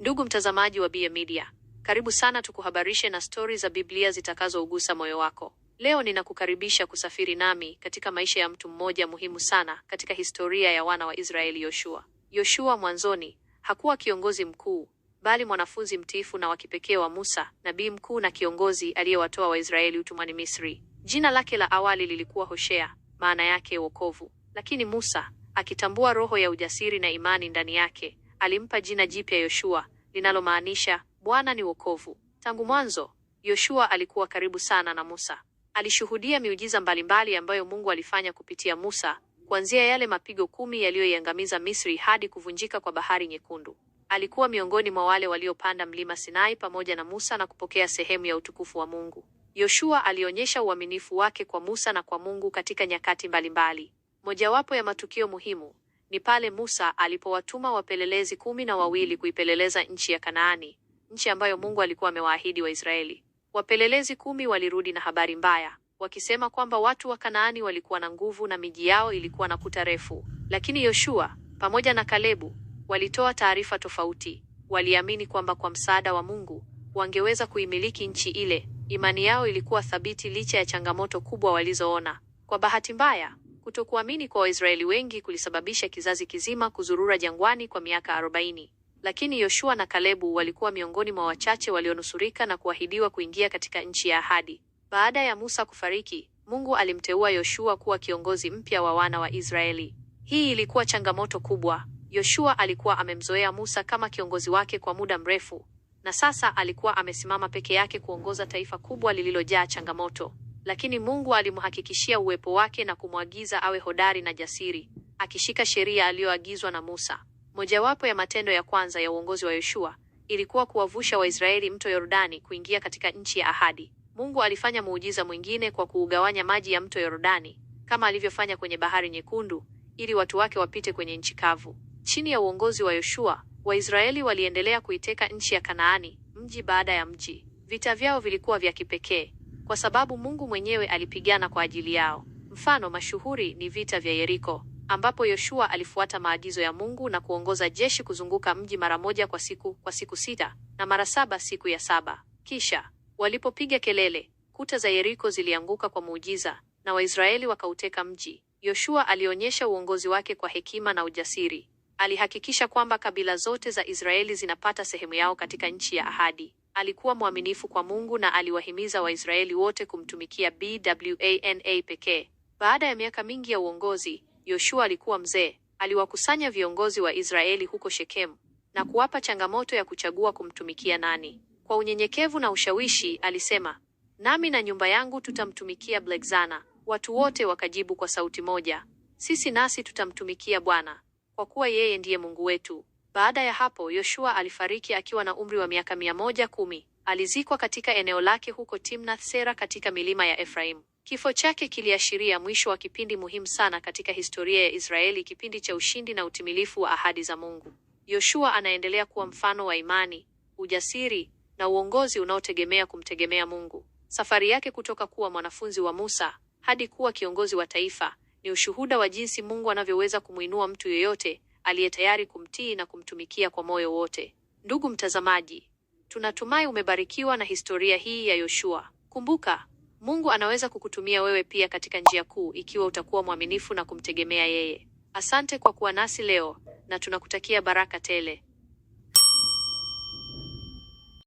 Ndugu mtazamaji wa Bie Media, karibu sana tukuhabarishe na stori za Biblia zitakazougusa moyo wako. Leo ninakukaribisha kusafiri nami katika maisha ya mtu mmoja muhimu sana katika historia ya wana wa Israeli, Yoshua. Yoshua mwanzoni hakuwa kiongozi mkuu, bali mwanafunzi mtiifu na wa kipekee wa Musa, nabii mkuu na kiongozi aliyewatoa Waisraeli utumwani Misri. Jina lake la awali lilikuwa Hoshea, maana yake wokovu, lakini Musa akitambua roho ya ujasiri na imani ndani yake alimpa jina jipya Yoshua linalomaanisha Bwana ni wokovu. Tangu mwanzo, Yoshua alikuwa karibu sana na Musa. Alishuhudia miujiza mbalimbali ambayo Mungu alifanya kupitia Musa, kuanzia yale mapigo kumi yaliyoiangamiza Misri hadi kuvunjika kwa Bahari Nyekundu. Alikuwa miongoni mwa wale waliopanda mlima Sinai pamoja na Musa na kupokea sehemu ya utukufu wa Mungu. Yoshua alionyesha uaminifu wake kwa Musa na kwa Mungu katika nyakati mbalimbali. Mojawapo ya matukio muhimu ni pale Musa alipowatuma wapelelezi kumi na wawili kuipeleleza nchi ya Kanaani, nchi ambayo Mungu alikuwa amewaahidi Waisraeli. Wapelelezi kumi walirudi na habari mbaya, wakisema kwamba watu wa Kanaani walikuwa na nguvu na miji yao ilikuwa na kuta refu. Lakini Yoshua pamoja na Kalebu walitoa taarifa tofauti. Waliamini kwamba kwa msaada wa Mungu wangeweza kuimiliki nchi ile. Imani yao ilikuwa thabiti licha ya changamoto kubwa walizoona. Kwa bahati mbaya Kutokuamini kwa Waisraeli wengi kulisababisha kizazi kizima kuzurura jangwani kwa miaka 40 lakini Yoshua na Kalebu walikuwa miongoni mwa wachache walionusurika na kuahidiwa kuingia katika nchi ya ahadi. Baada ya Musa kufariki, Mungu alimteua Yoshua kuwa kiongozi mpya wa wana wa Israeli. Hii ilikuwa changamoto kubwa. Yoshua alikuwa amemzoea Musa kama kiongozi wake kwa muda mrefu, na sasa alikuwa amesimama peke yake kuongoza taifa kubwa lililojaa changamoto lakini Mungu alimhakikishia uwepo wake na kumwagiza awe hodari na jasiri, akishika sheria aliyoagizwa na Musa. Mojawapo ya matendo ya kwanza ya uongozi wa Yoshua ilikuwa kuwavusha Waisraeli mto Yordani kuingia katika nchi ya ahadi. Mungu alifanya muujiza mwingine kwa kuugawanya maji ya mto Yordani kama alivyofanya kwenye bahari nyekundu ili watu wake wapite kwenye nchi kavu. Chini ya uongozi wa Yoshua, Waisraeli waliendelea kuiteka nchi ya Kanaani mji baada ya mji. Vita vyao vilikuwa vya kipekee kwa sababu Mungu mwenyewe alipigana kwa ajili yao. Mfano mashuhuri ni vita vya Yeriko ambapo Yoshua alifuata maagizo ya Mungu na kuongoza jeshi kuzunguka mji mara moja kwa siku kwa siku sita na mara saba siku ya saba. Kisha walipopiga kelele, kuta za Yeriko zilianguka kwa muujiza na Waisraeli wakauteka mji. Yoshua alionyesha uongozi wake kwa hekima na ujasiri. Alihakikisha kwamba kabila zote za Israeli zinapata sehemu yao katika nchi ya ahadi. Alikuwa mwaminifu kwa Mungu na aliwahimiza Waisraeli wote kumtumikia Bwana pekee. Baada ya miaka mingi ya uongozi, Yoshua alikuwa mzee. Aliwakusanya viongozi wa Israeli huko Shekemu na kuwapa changamoto ya kuchagua kumtumikia nani. Kwa unyenyekevu na ushawishi, alisema, nami na nyumba yangu tutamtumikia Blexana. Watu wote wakajibu kwa sauti moja, sisi nasi tutamtumikia Bwana, kwa kuwa yeye ndiye Mungu wetu. Baada ya hapo, Yoshua alifariki akiwa na umri wa miaka mia moja kumi. Alizikwa katika eneo lake huko Timnath Sera katika milima ya efraim Kifo chake kiliashiria mwisho wa kipindi muhimu sana katika historia ya Israeli, kipindi cha ushindi na utimilifu wa ahadi za Mungu. Yoshua anaendelea kuwa mfano wa imani, ujasiri na uongozi unaotegemea kumtegemea Mungu. Safari yake kutoka kuwa mwanafunzi wa Musa hadi kuwa kiongozi wa taifa ni ushuhuda wa jinsi Mungu anavyoweza kumwinua mtu yeyote aliye tayari kumtii na kumtumikia kwa moyo wote. Ndugu mtazamaji, tunatumai umebarikiwa na historia hii ya Yoshua. Kumbuka, Mungu anaweza kukutumia wewe pia katika njia kuu ikiwa utakuwa mwaminifu na kumtegemea yeye. Asante kwa kuwa nasi leo na tunakutakia baraka tele.